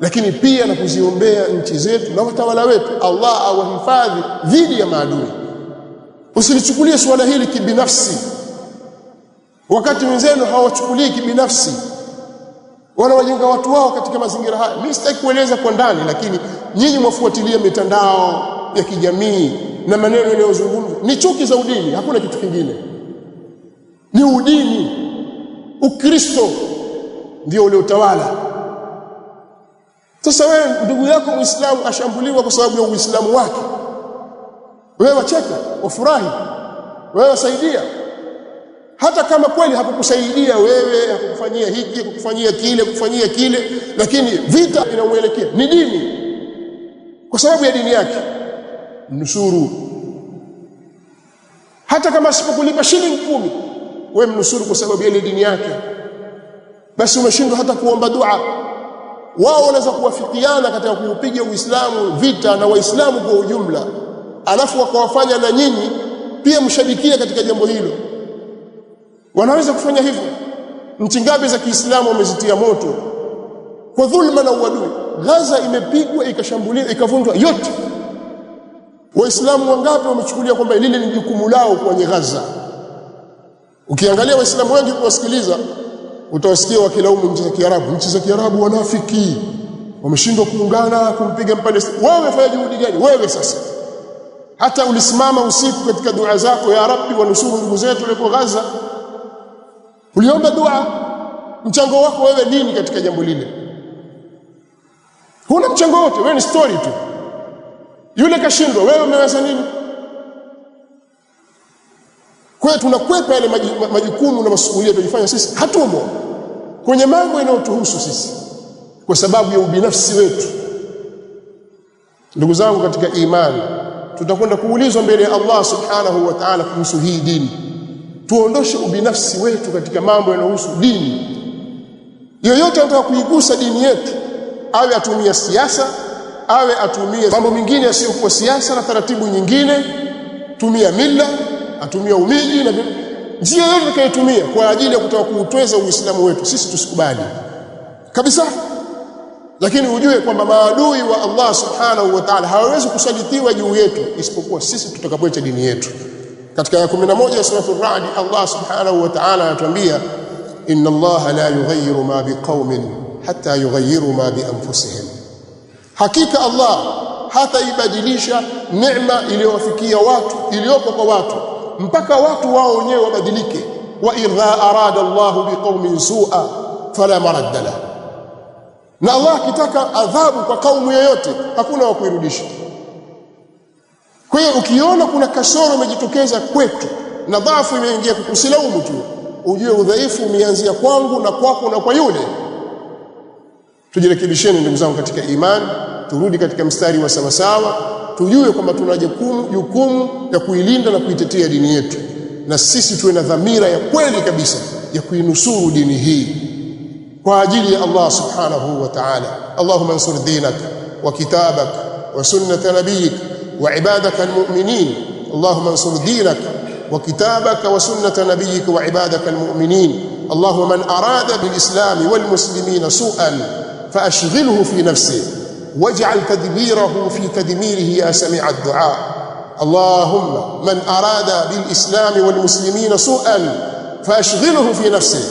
lakini pia na kuziombea nchi zetu na watawala wetu, Allah awahifadhi dhidi ya maadui. Usilichukulie suala hili kibinafsi, wakati wenzenu hawachukulii kibinafsi, wanawajenga watu wao katika mazingira haya. Mimi sitaki kueleza kwa ndani, lakini nyinyi mwafuatilia mitandao ya kijamii na maneno yanayozungumzwa ni chuki za udini, hakuna kitu kingine, ni udini. Ukristo ndio uliotawala sasa wewe ndugu yako Muislamu ashambuliwa kwa sababu ya Uislamu wake, wewe wacheka, wafurahi, wewe wasaidia, hata kama kweli hakukusaidia wewe, hakukufanyia hiki, hakukufanyia kile, hakukufanyia kile, lakini vita inamwelekea ni dini, kwa sababu ya dini yake, mnusuru. Hata kama asipokulipa shilingi kumi, wewe mnusuru kwa sababu ya ile dini yake, basi umeshindwa hata kuomba dua wao wanaweza kuwafikiana katika kuupiga Uislamu vita na Waislamu kwa ujumla, alafu wakawafanya na nyinyi pia mshabikie katika jambo hilo. Wanaweza kufanya hivyo. Nchi ngapi za Kiislamu wamezitia moto kwa dhulma na uadui. Gaza imepigwa ikashambuliwa ikavunjwa yote. Waislamu wangapi wamechukulia kwamba lile ni jukumu lao kwenye Gaza? Ukiangalia Waislamu wengi kuwasikiliza Utawasikia wakilaumu nchi za Kiarabu. Nchi za Kiarabu wanafiki, wameshindwa kuungana kumpiga Mpalestina. Wewe fanya juhudi gani? Wewe sasa hata ulisimama usiku katika dua zako, ya Rabbi, wanusuru ndugu zetu walipo Gaza, uliomba dua. Mchango wako wewe nini katika jambo lile? Huna mchango wote, wewe ni story tu. Yule kashindwa, wewe umeweza nini? Kwa hiyo tunakwepa yale majukumu na masuhulia tunayofanya sisi, hatumo kwenye mambo yanayotuhusu sisi kwa sababu ya ubinafsi wetu. Ndugu zangu katika imani, tutakwenda kuulizwa mbele ya Allah subhanahu wa ta'ala kuhusu hii dini. Tuondoshe ubinafsi wetu katika mambo yanayohusu dini. Yoyote anataka kuigusa dini yetu, awe atumia siasa, awe atumie mambo mengine yasiyokuwa siasa na taratibu nyingine, tumia mila atumia umiji na njia yote atakayotumia kwa ajili ya kutaka kuutweza Uislamu wetu sisi tusikubali kabisa. Lakini ujue kwamba maadui wa Allah subhanahu wa ta'ala hawawezi kusalitiwa juu yetu isipokuwa sisi tutakapoacha dini yetu. Katika aya 11 ya sura Ar-Ra'd, Allah subhanahu wa ta'ala anatuambia inna Allah la yughayyiru ma biqaumin hatta yughayyiru ma bi anfusihim, hakika Allah hataibadilisha neema iliyowafikia watu iliyopo kwa watu mpaka watu wao wenyewe wabadilike. wa idha arada Allahu biqaumin su'a fala maradda lahu, na Allah akitaka adhabu kwa kaumu yoyote hakuna wa kuirudisha. Kwa hiyo ukiona kuna kasoro imejitokeza kwetu na dhaifu imeingia, kukusilaumu tu, ujue udhaifu umeanzia kwangu na kwako na kwa yule. Tujirekebisheni ndugu zangu katika imani, turudi katika mstari wa sawasawa tujue kwamba tuna jukumu ya kuilinda na kuitetea dini yetu, na sisi tuwe na dhamira ya kweli kabisa ya kuinusuru dini hii kwa ajili ya Allah subhanahu wa ta'ala. Allahumma ansur dinaka wa kitabaka wa sunnata nabiyika wa ibadaka almu'minin. Allahumma ansur dinak wa kitabaka wa sunnata nabiyika wa ibadaka almu'minin. Allahumma man arada bilislami walmuslimina su'an faashghilhu fi nafsihi واجعل تدبيره في تدميره يا سميع الدعاء اللهم من أراد بالإسلام والمسلمين سوءا فأشغله في نفسه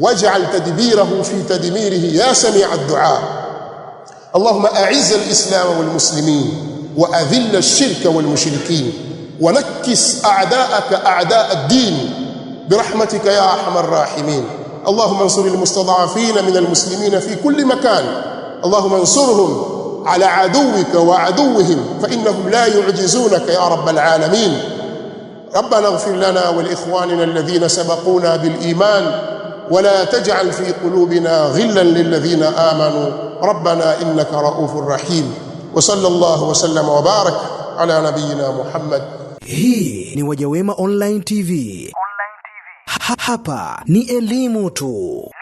واجعل تدبيره في تدميره يا سميع الدعاء اللهم أعز الإسلام والمسلمين وأذل الشرك والمشركين ونكس أعداءك أعداء الدين برحمتك يا أرحم الراحمين اللهم انصر المستضعفين من المسلمين في كل مكان Allahumma ansurhum ala aduwika wa aduwihim fa innahum la yu'jizunaka ya rabbal alamin rabbana ighfir lana wa li ikhwanina alladhina sabaquna bil iman wa la taj'al fi qulubina ghillan lil ladhina amanu rabbana innaka raufur rahim wa sallallahu wa sallama wa baraka ala nabiyyina Muhammad. Hii ni Wajawema Online TV. Online TV. Ha hapa ni elimu tu.